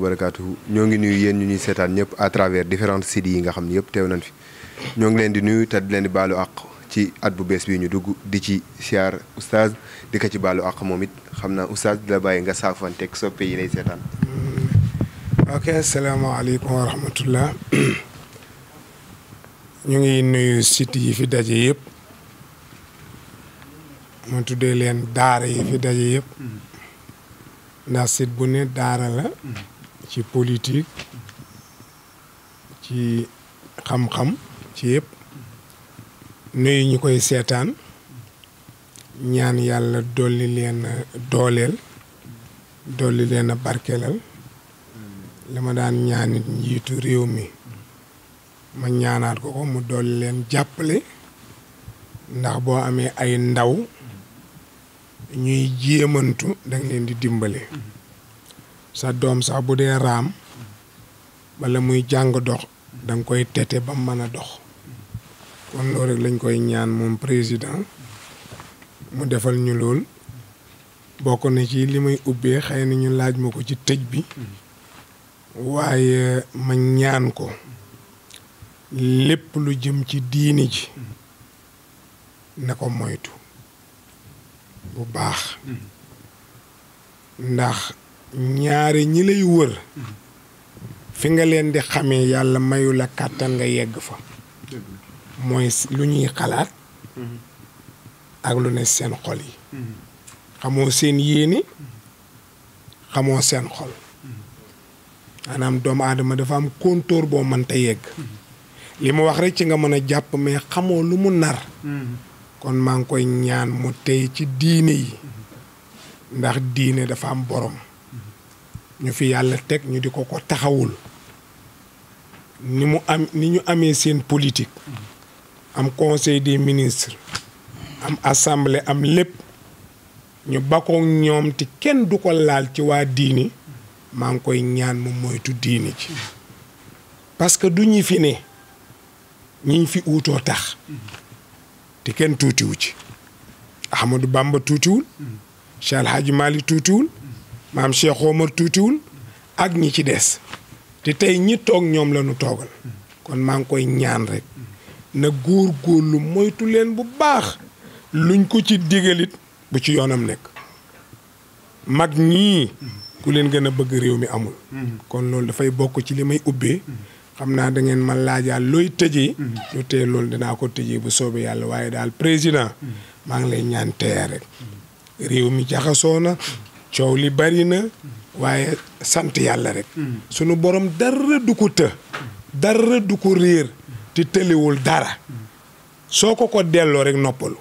barakaatu ñoo ngi nuyu yéen ñu ñuy seetaan ñëpp à travers différentes sites yi nga xam ne yëpp teew nañ fi ñoo ngi leen di nuyu te di leen di baalu àq ci at bu bees bi ñu dugg di ci siyaar oustaz di ko ci baalu àq moom it xam naa oustaz di la bàyyi nga saafanteeg soppe yi lay seetaan. ok asalaamaaleykum wa rahmatullah ñu ngi nuyu sites yi fi daje yëpp ma tuddee leen daara yi fi daje yëpp mm-hmm. ndax site bu ne daara la. Mm-hmm. ci politique ci xam-xam ci yëpp nuyu ñu koy seetaan ñaan yàlla dolli leen dooleel dolli leen a barkeelal li ma daan ñaanit njiitu réew mi ma ñaanaat ko ko mu dolli leen jàppale ndax boo amee ay ndaw ñuy jéemantu danga leen di dimbale sa doom sax bu dee raam bala muy jàng dox da koy tete ba mën a dox kon loolu rek lañ koy ñaan moom président mu defal ñu lool bokk na ci li may ubbee xëy na ñu laaj ma ko ci tëj bi waaye ma ñaan ko lépp lu jëm ci diini ji ne ko moytu bu baax ndax ñaari ñi lay wër fi nga leen di xamee yàlla mayul la kàttan nga yegg fa mooy lu ñuy xalaat ak lu ne seen xol yi xamoo seen yéene xamoo seen xol maanaam doomu aadama dafa am kontóor boo mënta yegg li mu wax rek ci nga mën a jàpp mais xamoo lu mu nar kon maa ngi koy ñaan mu tey ci diine yi ndax diine dafa am borom ñu fi yàlla teg ñu di ko ko taxawul ni mu am ni ñu amee seen politique am conseil des ministres am assemblée am lépp ñu bakkoog ñoom ti kenn du ko laal ci waa diini maa ngi koy ñaan mu moytu diini ci parce que du ñi fi ne ñiñ fi uutoo tax te kenn tuutiwu ci Ahmadou Bamba tuutiwul Cheikh Alhaji Mali tuutiwul maam Cheikh Omar tuutiwul ak ñi ci des te tey ñi toog ñoom lanu toogal kon maa ngi koy ñaan rek na góor góor góorlu moytu leen bu baax luñ ko ci digalit bu ci yoonam nekk mag ñii ku leen gën a bëgg réew mi amul kon loolu dafay bokk ci li may ubbee xam naa dangeen ngeen ma laajaal looy tëjee lu tee loolu dinaa ko tëjee bu soobee yàlla waaye daal président maa ngi lay ñaan teya rek réew mi jaxasoo na coow li bari na waaye sant yàlla rek sunu borom dara du ko të dara du ko réer te tëliwul dara soo ko ko delloo rek noppalu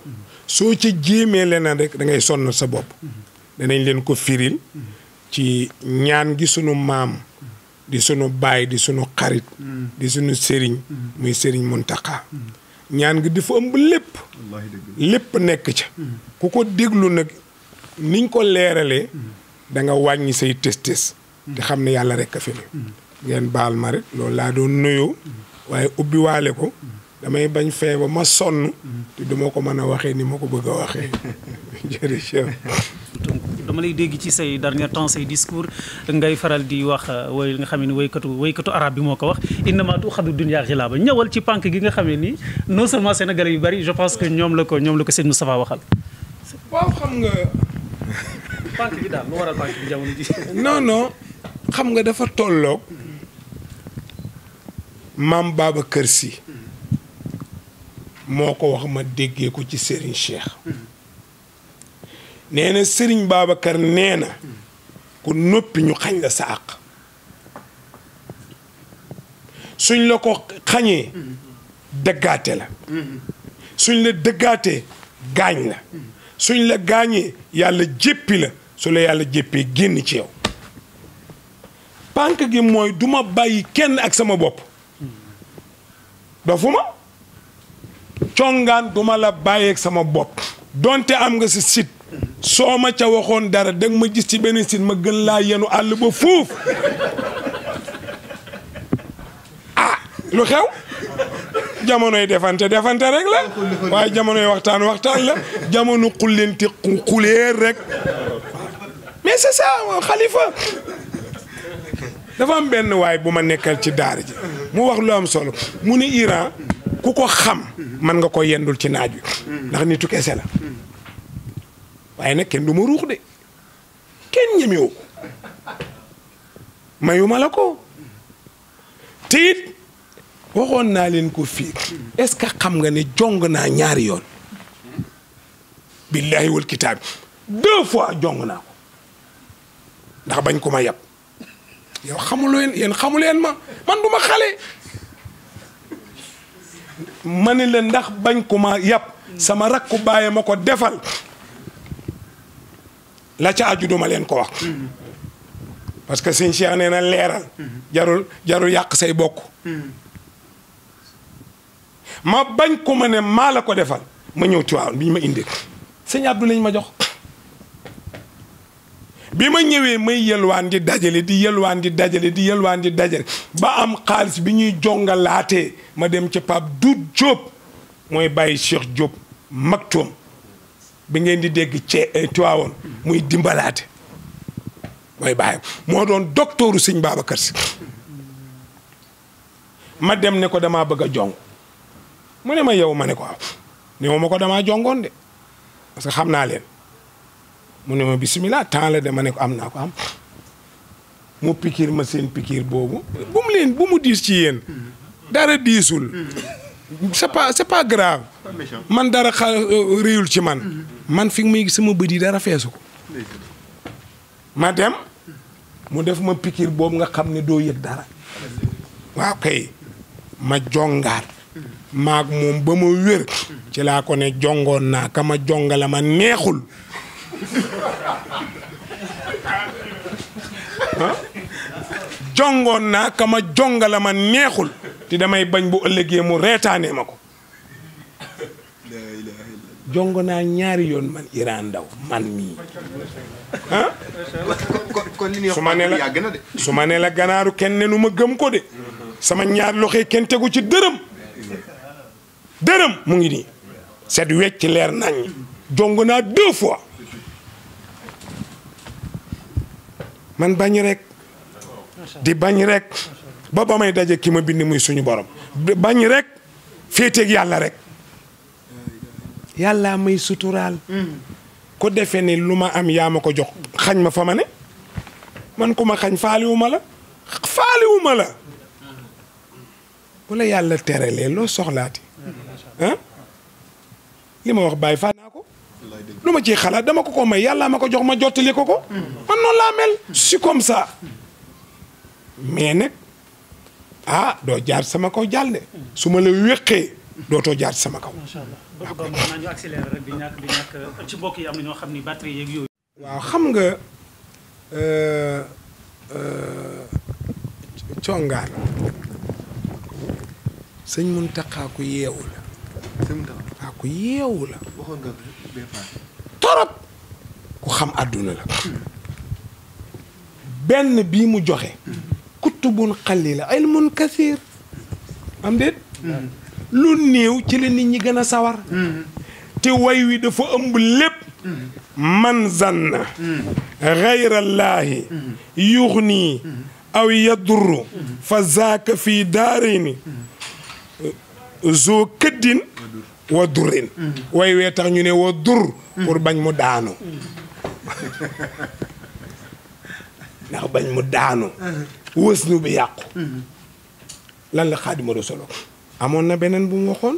soo ci jéemee leneen rek da ngay sonn sa bopp danañ leen ko firil ci ñaan gi sunu maam di sunu baay di sunu xarit di sunu sëriñ muy sëriñ Muntaxa ñaan gi di ëmb lépp lépp nekk ca ku ko déglu nag niñ ko leeralee da nga wàññi say tës-tës te xam ne yàlla rek a fi ne ngeen baal ma rek loolu laa doon nuyoo waaye ubbi waale ko damay bañ fee ba ma sonn te duma ko mën a waxee ni ma ko bëgg a waxee dama lay dégg ci say dernier temps say discours ngay faral di wax euh, woy nga xam ne waykatu woykatu arabe bi moo ko wax innama tuxadu dunya xilaaba ñëwal ci pànk gi nga xam ne nii non seulement sénégalais yu bari je pense que ñoom la ko ñoom la ko sëñ Moustapha waxal waaw banque bi daal lu xam nga dafa tolloog maam Babacar si moo ko wax ma déggee ko ci Serigne Cheikh nee na Serigne Babacar nee na ku noppi ñu xañ la sa àq suñ la ko xañee dëggaate la suñ la dëggaate gaañ la suñ la gaañee yàlla jéppi la su la yàlla jéppee génn ci yow pànk gi mooy duma bàyyi kenn ak sama bopp dofuma congaan duma la bàyyeek sama bopp donte am nga si site soo ma ca waxoon dara danga ma gis ci benn sit ma gën laa yenu àll ba fuuf ah lu xew jamonoy defante defante rek la waaye jamonoy waxtaan waxtaan la jamono xullenti xuleer rek mais c'est ça dafa am benn waay bu ma nekkal ci daara lu am solo mu ne ku ko xam mën nga ko yendul ci naaj wi ndax nitu kese waaye nag kenn du ma ruux de mayuma la ko te waxoon naa leen ko ce que xam nga ne jong naa ñaari yoon billaahi wal kitaab deux fois jong naa ko ndax bañ ko ma yab yow xamuleen yéen xamuleen ma man du ma xale ma ni leen ndax bañ ko ma yab sama rakku bàyyi ma ko defal la ca aju duma leen ko wax parce que sëñ Cheikh na leeral jarul jarul yàq say bokk ma bañ ko ma ne maa la ko defal ma ñëw Tiwaawan bi ñu ma indi sëñ Abdou lañ ma jox bi ma ñëwee may yelwaan di dajale di yelwaan di dajale di yelwaan di dajale ba am xaalis bi ñuy jongalaatee ma dem ca Pape Doudou mooy bàyyi Cheikh Diop Maktoum bi ngeen di dégg cee eh, tuwaawoon muy dimbalaate mooy bàyyi moo doon doktooru sëñ Babacar Si ma dem ne ko damaa bëgg a jong mu ne ma yow ma ne ko ne ma ko damaa jongoon de parce que xam naa leen mu ne ma bisimilah temps de ma ne ko am naa ko am mu pikiir ma seen pikiir boobu bu mu leen bu mu diis ci yéen dara diisul c'est pas c'est pas grave man dara xa euh, ci man man fi muy sama bët yi dara feesu ko ma dem mu def ma pikiir boobu nga xam ne doo yëg dara waaw kay ma jongaat maag moom ba ma wér ci laa ko ne jongoon naa ka ma jonga ma neexul jongoon naa kama jongala man neexul te damay bañ bu ëllëgee mu reetaanee ma ko jongo naa ñaari yoon man Iran Ndaw man mii ah su la ganaaru kenn ne nu ma gëm ko de sama ñaar loxo kenn tegu ci dërëm dërëm mu ngi nii set wecc leer nañ jongo naa deux man bañ rek di bañ rek ba ba may daje ki ma bind muy suñu borom bañ rek féeteek yàlla rek yàlla may suturaal ko defe ni lu ma am yaa ma ko jox xañ ma fa ma ne man ku ma xañ faaliwuma la faaliwuma la bu la yàlla terelee loo soxlaati ah? li ma wax Baye lu ma ciy xalaat dama ko koo may yàllaa ma ko jox ma jottali ko ko. man noonu laa mel. si kom ça mais nag ah doo jaar sama kaw jàll de su ma la wéqee dootoo jaar sama kaw. macha allah donc mën naa ci mbokk yi am na ñoo xam ni batterie yeeg yooyu. waaw xam nga euh, euh, congaan sëñ Muntaxa ku yeewu la. sëñ yeewu la. torop ku xam àdduna la benn bii mu joxe kutubun xalila ilmun kasiir am déet lu néew ci la nit ñi gën a sawar te way wi dafa ëmb lépp man zanna xayrallaahi yuxnii aw yadurru fa zaaka fii daarayni zoo këddin wa durin way wee tax ñu ne wa dur pour bañ mu daanu ndax bañ mu daanu wësnu bi yàqu lan la solo rasolo amoon na beneen bu mu waxoon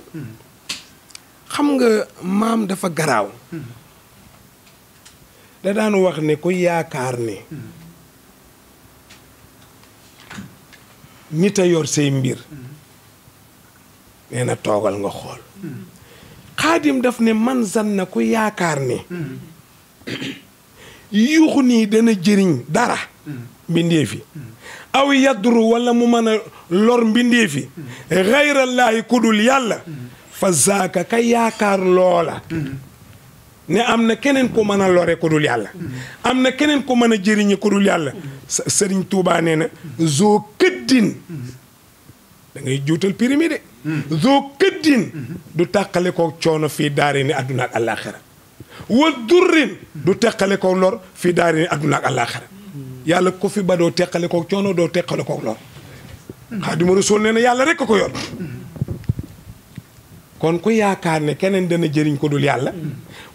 xam nga maam dafa garaaw da daan wax ne ko yaakaar ne nit a yor say mbir nee na toogal nga xool xaadim daf ne man zan na ku yaakaar ne yuuxu nii dana jëriñ dara mbindeefi aw yadru wala mu mën a lor mbindéefi xayrallaahi kudul yàlla fa zaaka ka yaakaar loola ne am na keneen ko mën a lore ku yàlla am na keneen ko mën a jëriñe ku dul yàlla sëriñ Tuubaa na zoo këddin da juutal pyramide zoo këddin du tàqale ko coono fii daari ni adduna wa durrin du teqale ko lor fii daari ni adduna yàlla ko fi ba doo teqale ko coono doo teqale ko lor xaadimu rasul nee na yàlla rek ko yor kon ku yaakaar ne keneen dana jëriñ ko dul yàlla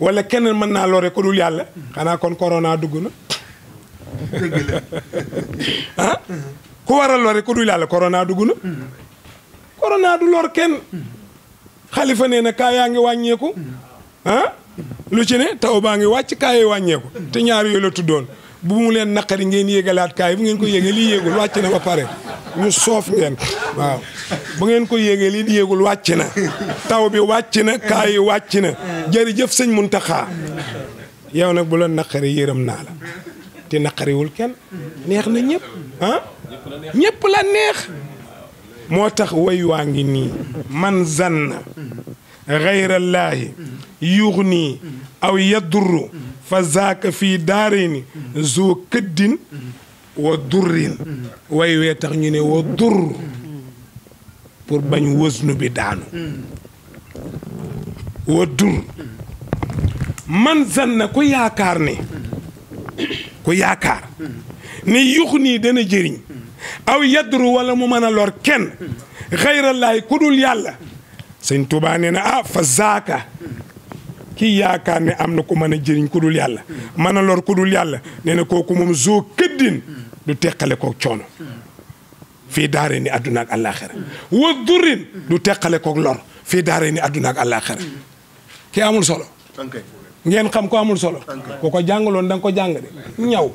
wala keneen mën naa lore ko dul yàlla xanaa kon corona dugg na ah ku war a lore ko dul yàlla corona dugg na mm-hmm. corona du lor kenn xalifa nee na kaa yaa ngi wàññeeku ah lu ci ne taw baa ngi wàcc kaa wàññeeku te ñaar yooyu la tuddoon bu mu leen naqari ngeen yéegalaat kaa yi bu ngeen ko yéegee lii yéegul wàcc na ba pare ñu soof ngeen ko yéegee lii yéegul wàcc na taw bi wàcc na kaa wàcc na jërëjëf sëñ Muntaxa yow nag bu la naqari yërëm naa la te naqariwul kenn neex na ñëpp ñépp ah? ñëpp la neex moo tax way waa ngi nii man zan zann xayrallaahi nii aw yadurru fa zaaka fii daarayni zoo këddin wa durrin way wee tax ñu ne wa dur pour bañ wësnu bi daanu wa dur man zanna ku yaakaar ne ko yaakaar ne nii dana jëriñ aw yadru wala mu mën a lor kenn xayrallaahi ku dul yàlla sëñ Tuubaa nee na ah fa zaaka kii yaakaar ne am na ku mën a jëriñ ku dul yàlla mën a lor ku dul yàlla nee na kooku moom zoo këddin du teqale koog coono fii daaree ni àdduna ak wa durin du teqale koog lor fii daaree ni àdduna ak àllaaxira kii amul solo ngeen xam ko amul solo. ko ko jàngaloon da nga ko jàng de ñaw.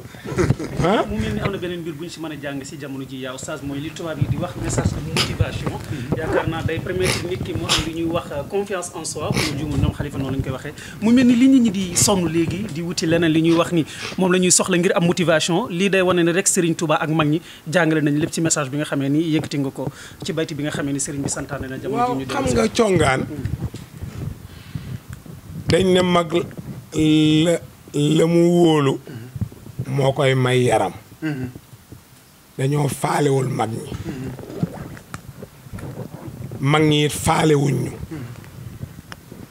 ah mu mel ni am na beneen mbir bu ñu si mën a jàng si jamono ji yaa oustaz mooy li tubaab yi di wax message de motivation. Mhm. yaakaar naa mu ñuy wax euh, confiance en soi bu ñu juumul koy waxee. mu mel ni li nit ñi di sonn léegi di wuti leneen li ñuy wax ni moom la ñuy soxla ngir am motivation lii day wane ne rek Serigne Touba ak mag ñi jàngale nañ lépp ci message bi nga xamee ni yëkkati nga ko ci bayti bi nga xamee ni Serigne bi santaane na jamono ji ñu. waaw xam nga congaan mhm. dañ ne mag la mu wóolu moo koy may yaram dañoo faalewul mag ñi mag ñi it faalewuñ ñu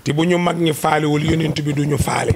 te bu ñu mag ñi faalewul yonent bi duñu faale